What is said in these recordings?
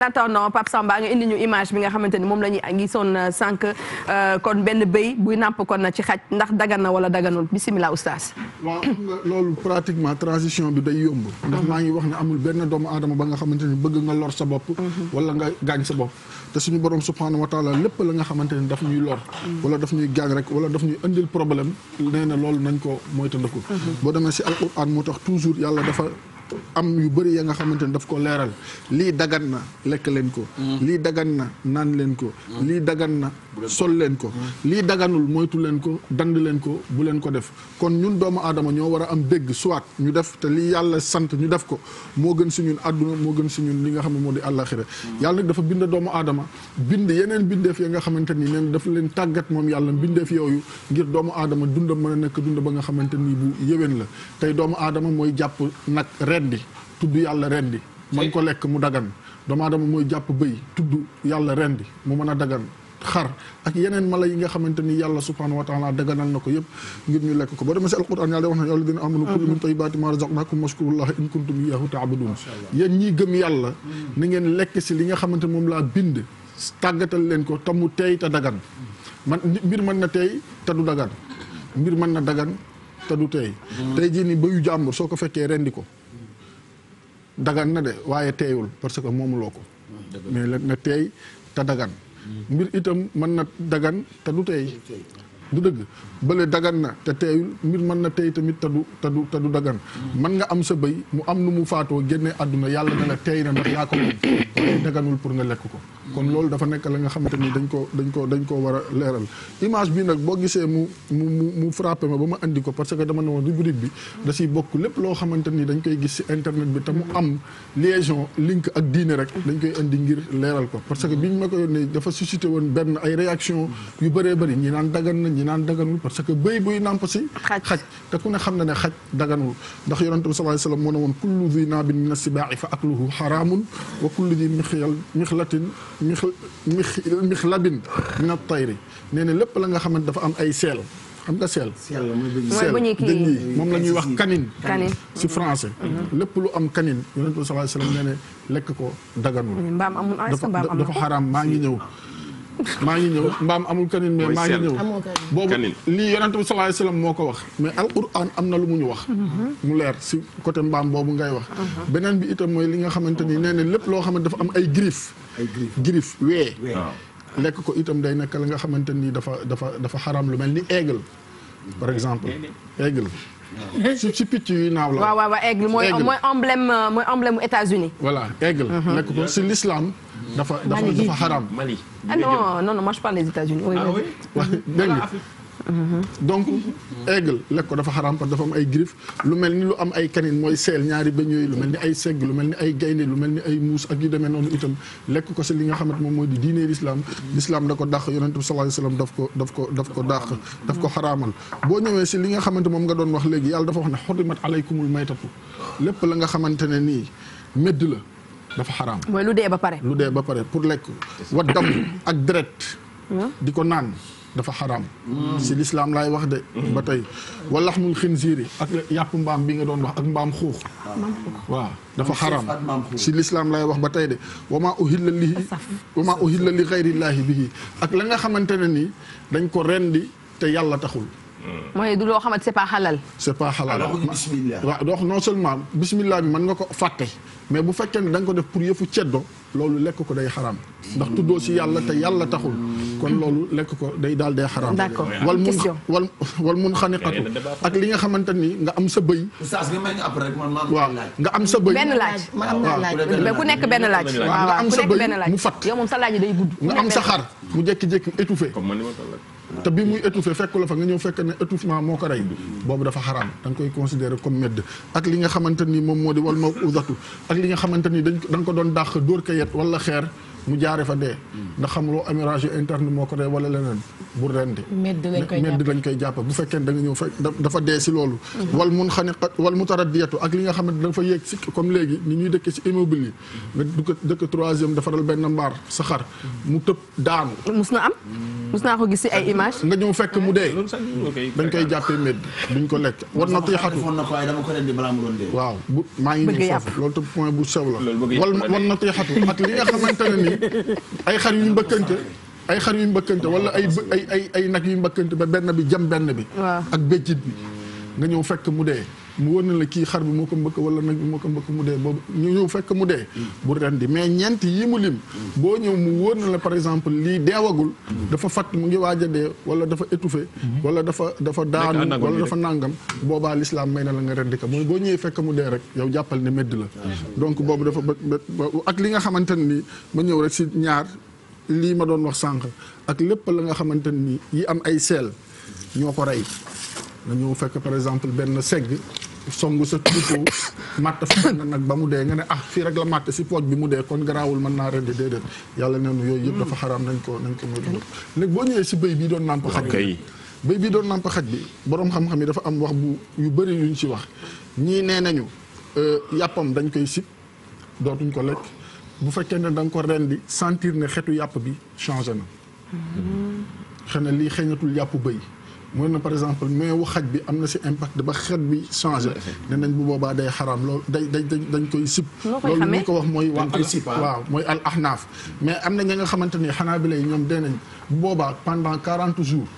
attendant Pape Samba nga indi ñu image bi nga xamante ni moom la ñuy ngi son euh, sànq euh, kon benn béy buy nàmp kon na ci xaj ndax dagan na wala daganul bisimilah oustaz. waaw loolu pratiquement transition bi day yomb. ndax maa ngi wax ne amul benn doomu aadama ba nga xamante ni bëgg nga lor sa bopp. Mhm. wala nga gaañ sa bopp. te suñu borom subhanahu wa lépp la nga xamante ni daf ñuy lor. Mhm. wala daf ñuy gaañ rek wala daf ñuy indil problème nee na loolu ko moytandiku. Mhm. boo demee si alquran moo tax toujours yàlla am yu bëri ya nga xamante ne daf ko leeral lii dagan na lekk leen ko mm-hmm. lii dagan na naan leen ko mm-hmm. lii dagan na sol leen ko mm-hmm. lii daganul moytu leen ko dand leen ko bu leen ko def kon ñun doomu adama ñoo war a am dégg soit ñu def te lii yàlla sant ñu def ko moo gën si ñun àdduna moo gën si ñun li nga xam ne moo di àllaaxira yàlla nag dafa bind doomu aadama bind yeneen bindeef ya nga xamante ni neen dafa leen tàggat moom yàlla bindeef yooyu ngir doomu aadama dund mën nekk dund ba nga xamante ni bu yéwén la tey doomu aadama mooy jàpp rendi tudd yàlla rendi man ko lekk mu dagan doomu aadama mooy jàpp bëy tudd yàlla rendi mu mën a dagan xar ak yeneen mala yi nga xamante yàlla subhanahu wa taala daganal na ko yëpp ngir ñu lekk ko boo demee si alquran yàlla wax na yàlla gëm yàlla ni ngeen lekk si li nga xamante moom laa bind tàggatal leen ko te mu teey te dagan man mbir mën na teey te du dagan mbir mën na dagan te du teey mm. tey jii ni bayu jàmbur soo ko fekkee rendi ko dagan na de waaye teeyul parce que moomuloo ko mais la nga teey ta dagan hmm. mbir itam mën na dagan te du teey hmm. du dëgg bële dagan na te teeyul mbir mën na teey tamit te du te du te du dagan hmm. mën nga am sa bëy mu am nu mu faatoo génne àdduna yàlla na la teey na ndax yaa ko moom daganul pour nga lekk ko kon loolu dafa nekk la nga xamante ni dañ ko dañ ko dañ ko war a leeral image bi nag boo gisee mu mu mu frappé ma ba ma indi ko parce que dama ne woon rubrique bi da siy bokk lépp loo xamante ni dañ koy gis si internet bi tamu mu am liaison link ak diine rek dañ koy indi ngir leeral ko parce que biñ ma ko yónnee dafa suscité woon benn ay réaction yu bëree bëri ñi naan dagan na ñi naan daganul parce que bëy buy nàmp si xaj te ku ne xam na ne xaj daganul ndax yonente bi sallallahu alayhi wasallam moo ne woon kullu dhi naabin min as-sibaa'i fa akluhu xaraamun wa kullu dhi mixyal mixlatin mix mix mix labin min at-tayri nee na lépp la nga xamante dafa am ay seel xam nga seel. seel mooy moom la ñuy wax canine. canine si français. Mhm. lépp lu am kanin yonent sa sallallahu alayhi wasallam nee lekk ko daganul. mbaam amul ah, dafa dafa xaraam maa ngi ñëw. maa ngi ñëw mbaam amul kanin mais maa ngi ñëw lii yonent bi sallallahu alayhi wasallam moo ko wax mais alquran am na lu mu ñu wax mhm. mu leer si côté mbaam boobu ngay wax mhm. beneen bi itam mooy li nga xamante ni nee na lépp loo xamante dafa am ay griffes girif wee ah. lekk ko itam day nekk la nga xamante ni dafa dafa dafa xaram lu mel ni aigle par exemple aigle ah. si si picc yu naaw la waaw waaw waaw aigle mooy mooy emblème mooy emblème u États-Unis voilà aigle mhm. lekk ko si l'islam dafa dafa dafa xaram Mali ah non non non moi je parle des États-Unis ah dégg nga donc aigle lekk ko dafa xaraam parce dafa am ay griffes lu mel ni lu am ay canine mooy seel ñaari bëñ yooyu lu mel ni ay segg lu mel ni ay gaynde lu mel ni ay muus ak yu demee noonu itam lekk ko si li nga xamante moom mooy di diine l'islam l'islam da ko dàq yonent bi sallallahu alayhi wasallam daf ko daf ko daf ko dàq ko xaraamal boo ñëwee si li nga xamante moom nga doon wax léegi yàlla dafa wax ne xurimat alaykumul maytatu lépp la nga xamante ne nii médd la dafa xaraam mooy lu dee ba pare lu dee ba pare pour lekk wa dam ak deret hmm? di ko naan dafa xaram si lislaam laay wax de ba tey walax mul xinziiri ak yàpp mbaam bi nga doon wax ak mbaam xuux waaw dafa xaraam si lislaam lay wax ba tey de wama uhilla li wama uhilla li xayrillaahi bihi ak la nga xamante ne nii dañ ko rendi te yàlla taxul mooy du loo xamante c'est pas halal c'est pas halal waaw donc non seulement bismillah bi mën nga ko fàtte mais bu fekkee ne dañ ko def pour yëfu ceddo loolu lekk ko day xaraam ndax tuddoo si yàlla te yàlla taxul kon loolu lekk ko day daal day xaraam wal mun wal wal mun xaniqatu ak li nga xamante ni nga am sa bëy waaw nga am sa bëy benn laaj waaw ku nekk benn laaj waaw sa bëy mu fat yow moom sa laaj day gudd nga am sa xar mu jékki-jékki étouffé te bi muy étouffé fekk la fa nga ñëw fekk ne étouffement moo ko rey boobu dafa xaraam danga koy considéré comme medd ak li nga xamante ni moom moo di wal ma udatu ak li nga xamante ni dañ da ko doon dàq dóor kayet wala xeer mu jaare fa dee ndax xam loo hémorragie interne moo ko dee wala leneen bu rendi medd lañ koy jàpp bu fekkee da nga ñëw fekk dafa dee si loolu mm-hmm. wal mun xani wal mu taradiyatu ak li nga xam na am mus naa ko gis si ay image na ti nii na ti xatu ak li ay xar yu mbëkkante ay xar yu mbëkkante wala ay ay ay ay nag yu mbëkkante ba benn bi jam benn bi ak béjjit bi nga ñëw fekk mu dee mu wër na la kii xar bi moo ko mbëkk wala nag bi moo ko mbëkk mu dee boobu ñëw fekk mu dee bu rendi mais ñeent yi mu lim boo ñëw mu wër na la par exemple lii deewagul dafa fat mu ngi waaj a dee wala dafa étouffé wala dafa dafa daanu wala dafa nàngam boobaa lislaam may na la nga rendi ko mooy boo ñëwee fekk mu dee rek yow jàppal ne medd la donc boobu dafa ak li nga xamante nii ma ñëw rek si ñaar lii ma doon wax sànq ak lépp la nga xamante nii yi am ay seel ñoo ko rey nga ñëw fekk par exemple benn segg songu sa troupeau matt fa nga nag ba mu dee nga ne ah fii rek la matt si pooj bi mu dee kon garaawul mën naa rendi déedéet yàlla neenu yooyu yëpp dafa xaraam nañ ko nañ ko moytu léegi boo ñëwee si béy bii doon nàmp xaj bi béy bii doon nàmp xaj bi borom xam-xam yi dafa am wax bu yu bëri yuñ si wax ñii nee nañu euh, yàppam dañ koy sib dootuñ ko lekk bu fekkee ne da nga ko rendi sentir ne xetu yàpp bi changé na mm-hmm. xëy na lii xëñatul yàpp béy mooy na par exemple meewu xaj bi am na si impact ba xet bi changé ne nañ bu boobaa day xaraam loolu day day dañ koy sib loolu ñu ko wax mooy waa al ah. waaw mooy al ahnaaf mais am na ña nga xamante ni xanaa bi lay ñoom dee nañ boobaa pendant quarante jours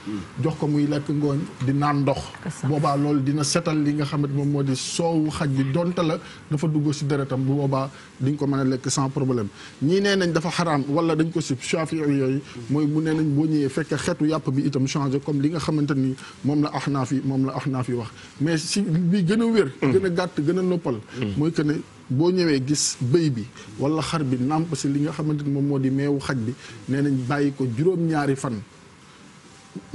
jox ko muy lekk ngooñ di naan ndox boobaa loolu dina setal li nga xamante moom moo di soowu xaj bi donte la dafa dugg si deretam bu boobaa di ko mën a lekk sans problème ñii nee nañ dafa xaraam wala dañ ko si chafi yooyu mooy mu nee nañ boo ñëwee fekk xeetu yàpp bi itam changé comme li nga xamante ni moom la axnaaf yi moom la axnaaf yi wax mais si bi gën a wér mm. gën a gàtt gën a noppal mm. mooy que boo ñëwee gis bëy bi wala xar bi nàmp si li nga xamante ni moom moo di meewu xaj bi nee nañ bàyyi ko juróom-ñaari fan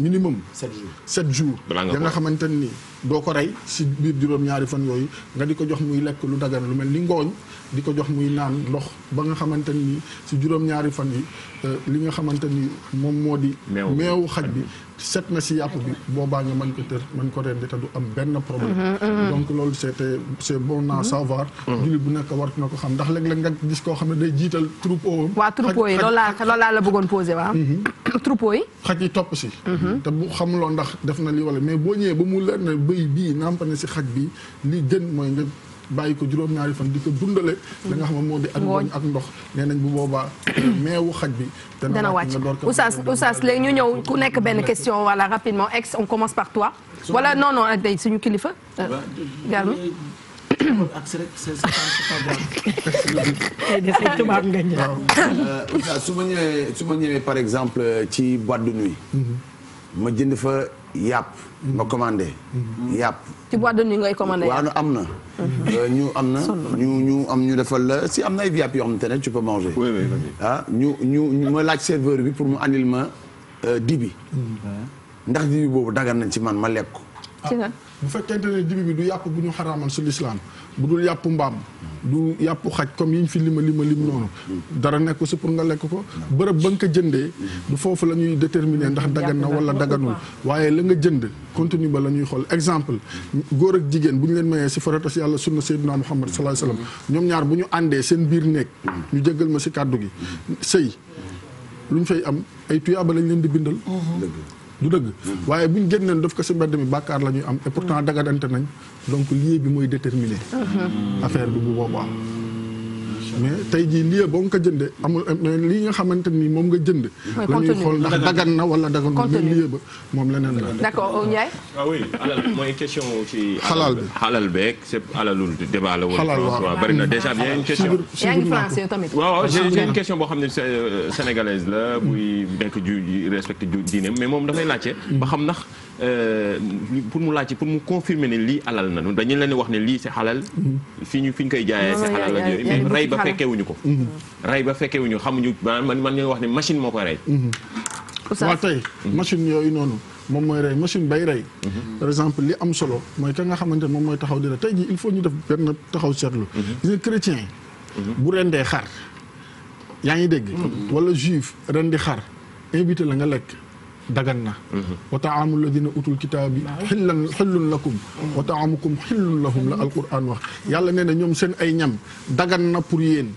minimum. 7 jours 7 jours. da nga xamante ni. doo ko rey si biir juróom-ñaari fan yooyu nga di ko jox muy lekk lu dagan lu mel ni ngooñ di ko jox muy naan ndox ba nga xamante ni si juróom-ñaari fan yi euh, li nga xamante ni moom moo di meew xaj bi set na si yàpp bi boo nga mën ko tër mën ko rendi te du am benn problème mm-hmm, mm-hmm. donc loolu c'était c'est bon à mm-hmm. savoir jullit bu nekk war na ko xam ndax léeg-léeg nga gis koo xam ne day jiital troupeau waaw troupeau yi loolu laa la bëggoon posé waaw troupeau yi yi topp si te bu bëy bii nàmp na si xaj bi li gën mooy nga bàyyi ko juróom-ñaari fan di ko dundale da mm. nga xam ne moo di ak ngooñ ak ndox nee nañ bu boobaa meewu xaj bi dana wàcc oustaz oustaz léegi ñu ñëw ku nekk benn question voilà rapidement ex on commence par toi voilà non non ak day suñu kilifa euh, garmi euh, su ma ñëwee su ma ñëwee par exemple ci boîte de nuit mm-hmm. ma jënd fa yàpp ma commandé. Mhm. yàpp ci boîte de nuit ngay commandé waaw nu am na. Mhm. Euh, ñu am na ñu ñu am ñu defal la si am na ay yàpp yoo xamante ne tu peux manger. oui oui ah ñu ñu ma laaj serveur bi pour mu andil ma euh, dibi. Mhm. ndax dibi boobu dagan nañ ci man ma lekk ko. Ah, bu fekkente ne dibi bi du yàpp bu ñu xaraamal su lislaam bu dul yàpp mbaam du yàpp xaj comme yi ñu fi lima lima lim noonu dara nekku si pour nga lekk ko bërëb ba nga ko jëndee du foofu la ñuy déterminer ndax dagan na wala daganul waaye la nga jënd continue ba la ñuy xool exemple góor ak jigéen bu ñu leen mayee si farata si yàlla sunna sayyidina muhammad sallallahu alayhi wasallam ñoom ñaar bu ñu àndee seen biir néeg ñu jéggal ma si kàddu gi sëy lu ñu fay am ay tuyaaba lañ leen di bindal du dëgg waaye bu ñu génneen def ko si mbedd mi bàkkaar la ñuy am et pourtant dagadante nañ donc lieu bi mooy déterminer affaire bi bu boobaa mais tey jii lii ba nga jënd jëndee amul lii nga xamante ni moom nga jënd. la xool ndax dagan na wala dagan na mais ba moom leneen la. d'accord ah mooy question ci. xalaal bi xalaal beeg c'est alalul débat la woon. xalaal waaw bari na déjà bien une question. tamit. waaw waaw boo xam ne euh, sénégalaise la buy nekk ju respecté ju diineem mais moom dafay laajte ba xam ndax. Euh, pour mu laaj pour mu confirmer ne lii alal na dañu leen wax ne lii c'est halal. Mm-hmm. fi ñu fi ñu koy jaayee c'est halal la yooyu mais rey ba fekkewuñu ko. Mm-hmm. rey ba fekkewuñu xamuñu man man ñoo wax ne machine moo koy rey. Mm-hmm. waaw tey machine yooyu noonu moom mooy rey machine bay rey par exemple li am solo mooy ka nga xamante moom mooy taxaw di rey tey jii il faut ñu def benn taxaw seetlu gis nga chrétien bu rendee xar yaa ngi dégg wala juif rendi xar invité la nga lekk dagan na mhm. wa taamu alladina utul kitaabi xillan xillun lakum wa taamukum xillun lahum la alquran wax yàlla nee na ñoom seen ay ñam dagan na pour yéen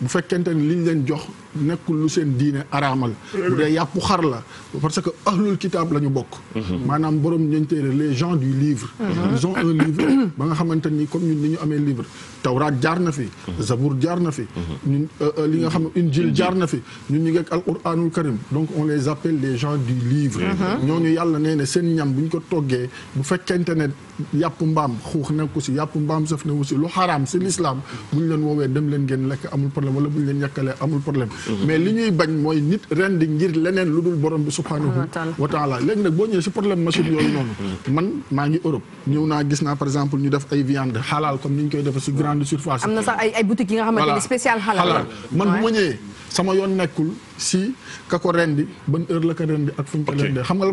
bu fekkente ne liñ leen jox nekkul lu seen diine araamal bu dee yàppu xar la parce que ahlul kitaab la ñu bokk mhm. maanaam borom ñañ téere les gens du livre mhm. ils ont un livre ba nga xamante ni comme ñun ni ñu amee livre tawraat jaar na fi mhm. zabour jaar na fi ñun euh, euh, li nga xam injil jaar na fi ñun ñu ngeeg alquranul karim donc on les appelle les gens du livre ñooñu yàlla nee na seen ñam bu ñu ko toggee bu fekkente ne yàpp mbaam xuux nekku si yàpp mbaam saf newu si lu xaraam si l'islam bu ñu leen woowee dem leen ngeen lekk wala bu ñu leen yekkalee amul problème Mm-hmm. mais li ñuy bañ mooy nit ren di ngir leneen lu dul borom bi subhaanahu wa léegi nag boo ñëwee si problème machine yooyu noonu mm-hmm. man maa ngi Europe ñëw naa gis naa par exemple ñu def ay viande xalaal comme ni ñu koy defee si grande surface am na sax ay ay yi nga xamante ni spécial xalaal man bu ma ñëwee sama yoon nekkul si ka ko rendi ban heure la ko rendi ak fu ñu ko rendee xam nga la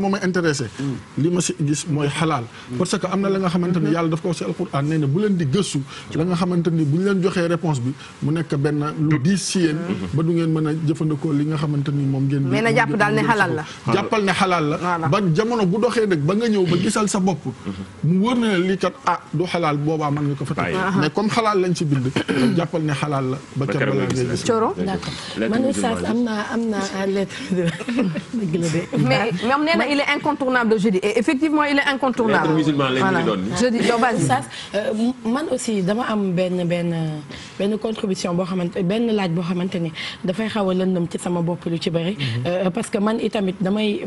mm. na xamante ni yàlla daf ko si alquran nee na bu leen di gëstu la nga xamante ni bu ñu leen joxee réponse bi mu nekk benn lu diis si yéen mm-hmm. ba du ngeen mën a jëfandikoo li nga xamante ni moom ngeen mais na jàpp daal ne xalaal la jàppal ne xalaal la ba jamono bu doxee nag ba nga ñëw ba gisal sa bopp mm-hmm. mu wër na lii kat ah du xalaal boobaa mën nga ko fat mais comme xalaal lañ si bind jàppal ne xalaal la ba ker balaa ngay gis am naa à lettre de mais moom nee na il est incontournable le jeudi et effectivement il est incontournable. lettre musulman lañu doon voilà jeudi yow euh, man aussi dama am benn benn. benn contribution boo xamante benn laaj boo xamante ni dafay xaw a lëndëm ci sama bopp lu ci bëri. Euh, parce que man itamit damay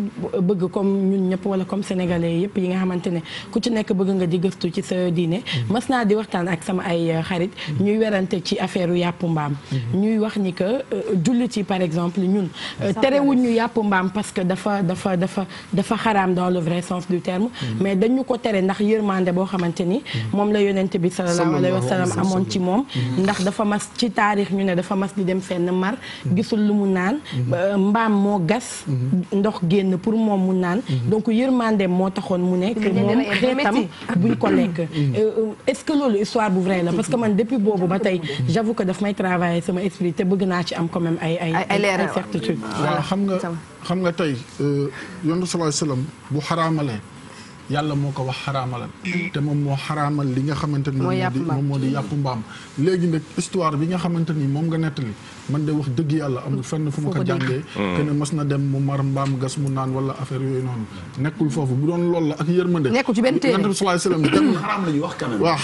bëgg comme ñun ñëpp wala comme sénégalais yëpp yi nga xamante ne ku ci nekk bëgg nga di gëstu ci sa diine. mas naa di waxtaan ak sama ay xarit. ñuy werante ci affaire yàppu mbaam. ñuy wax ni que euh, jullit yi par exemple ñun. Euh, terewuñu yàpp mbaam parce que dafa dafa dafa dafa xaraam dans le vrai sens du terme. Mm. mais dañu ko tere ndax yërmande boo xamante ni. Mm. moom la yonent bi sallallahu alayhi wa sallam amoon ci moom mm. ndax dafa mas ci taarix ñu ne dafa mas di dem fenn mar gisul lu mu naan mhm. euh, mbaam moo gas mhm. ndox génn pour moom mu naan mhm. donc yërmande moo taxoon mu nekk moom xeetam buñ ko lekk euh, euh, est-ce que loolu histoire bu vrai la parce que man depuis boobu ba tey j'avoue que daf may travailler sama esprit te bëgg naa ci am quand même ay ay ay certitude xam nga xam nga tey yonent sallallahu alayhi wasallam bu xaraamalee yàlla moo ko wax xaraamalal te moom moo xaraamal li nga xamante ni moom moo di yàpp mbaam léegi nag histoire bi nga xamante ni moom nga nettali man de wax dëgg yàlla amul fenn fu ma ko jàngee te hmm. ne na dem mu mar mbaam gas mu naan wala affaire yooyu noonu nekkul foofu bu doon loolu la ak yërmande wax quand même waaw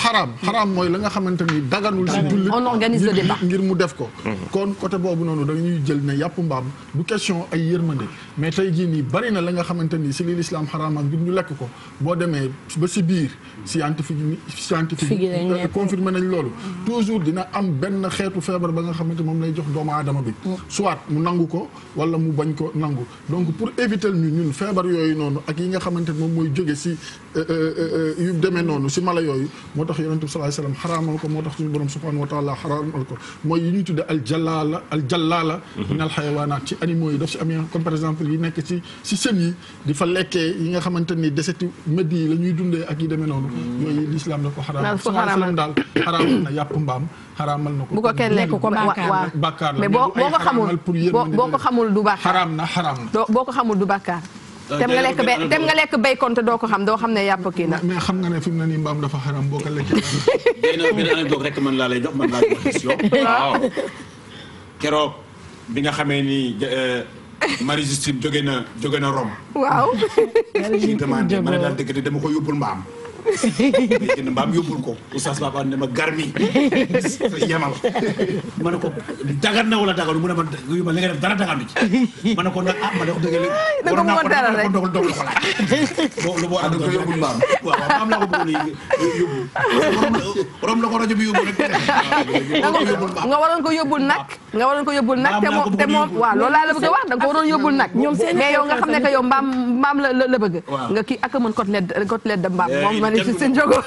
xaraam mooy la nga xamante ni daganul si jullit on organise le débat ngir mu def ko hmm. kon côté boobu noonu da ñuy jël ne yàpp mbaam du question ay yërmande mais tey jii nii bari na la nga xamante ni si li lislaam xaraam ak ngir ñu lekk ko boo demee ba si biir scientifique scientifique euh, confirmé nañ loolu hmm. toujours dina am benn xeetu feebar ba nga xamante moom lay jox doomu aadama bi soit mu nangu ko wala mu bañ ko nangu donc pour éviter ñu ñun feebar yooyu noonu ak yi nga xamante ne moom mooy jóge si euh, euh, euh, yu demee noonu si mala yooyu moo tax yonent bi sallallahu alayhi wasallam xaraamal ko moo tax suñu borom subhanahu wa taala xaraamal ko mooy yi ñu tudde al jalaala al jalaala min mhm. al xayawaanaat ci animaux yi daf si amee comme par exemple yi nekk lekkee yi nga xamante ni deseti medd yi la ñuy dundee ak yi demee noonu mhm. yooyu l'islam daf ko xaraamal na ko bu ko kenn lekk ko bàkkaar bàkkaar mais boo ko xamul boo ko xamul du baax xaraam na xaraam na boo ko xamul du bàkkaar dem nga lekk bay dem nga lekk béykoon te doo ko xam doo xam ne yàpp kii na. mais xam nga ne fi mu nii mbaam dafa xaram boo ko lekkee. day na benn anecdote rek man laa lay jox man laa jox question. waaw xamee ni euh, Marie Justine jóge na jóge na Rome. waaw. ñu demandé ma ne dama ko yóbbul mbaam. mbaam yóbbul ko oustaz Baba ne ma garmi yemal ma a ko dagan na wala dagalu mu ne ma li a def dara dagalu ci ma ne ko nag ah ma ne ko dëgg a waroon naa ko dara ko dogal dogal ko laaj lu boo ànd ko yóbbul mbaam waaw mbaam laa ko bëggoon yóbbu rom la ko rajo bi yóbbu rek nga waroon ko yóbbul nag nga waroon ko yóbbul nag te moom te moom waaw loolu laa la bëgg a wax da nga ko waroon yóbbul nag mais yow nga xam ne que yow mbaam la la bëgg nga kii ak a mën côtelette côtelette mbaam moom ci seen jogo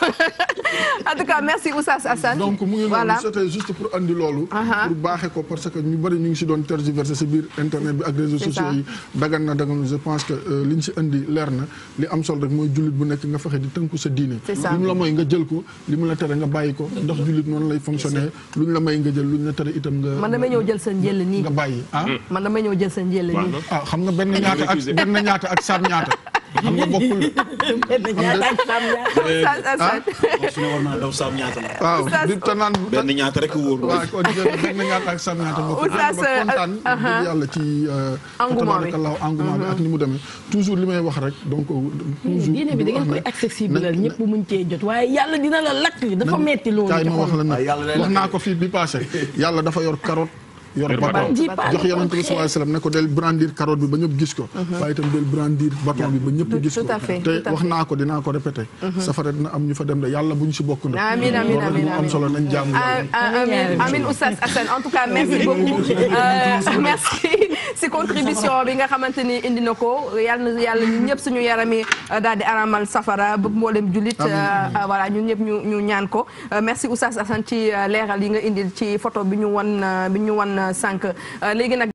en tout cas merci Oustaz Assane donc mu ngi noonu c'était juste pour andi loolu uh-huh. pour baaxee ko parce que ñu bari ñu ngi si doon tergiversé si biir internet bi ak réseaux sociaux yi dagan na dagan je pense que euh, li ñu si andi leer na li am sol rek mooy jullit bu nekk nga fexe di tënku sa diine li mu la mooy nga jël ko li mu la tere nga bàyyi ko ndax jullit noonu lay fonctionner lu ñu la may nga jël lu ñu la tere itam nga man damay ñëw jël sa njël nii nga bàyyi ah, ah xam nga benn ñaata ak hmm. benn ak saam ñaata xam nga bokkul. su ma war naa daw saam ñaata la. Ah? waaw di te naan. benn ñaata rek wóor. waaw kon benn ñaata ak saam ñaata. oustaz kontaan uh, uh-huh. dëgg yàlla ci. Uh, engouement bi tabaarakallah engouement bi ak ni mu deme toujours li may wax rek donc. toujours yéen bi da ngeen koy accessible la ñëpp mën cee jot waaye yàlla dina la lakk dafa metti loolu. wax ah, naa ko fii bi passé yàlla dafa yor carotte. yor bâton jox yonent bi sallallahu alayhi wasallam ne ko del brandir carotte bi ba ñëpp gis ko mhm. waaye itam del brandir bâton bi ba ñëpp gis ko te wax naa ko dinaa ko répété mhm. safara dina am ñu fa dem de yàlla bu ñu si bokk nag amiin amiin am solo nañ jàmm ah, ah, amiin amiin oustaz Assane en tout cas merci beaucoup euh, merci si contribution bi nga xamante ni indi na ko yal na yàlla ñun ñëpp suñu yaram yi uh, daal di aramal safara bëgg mboolem jullit uh, uh, voilà ñu ñëpp ñu ñu ñaan ko merci Oustaz Assane ci leexal yi nga indil ci photo bi ñu wan bi ñu won sànq léegi nag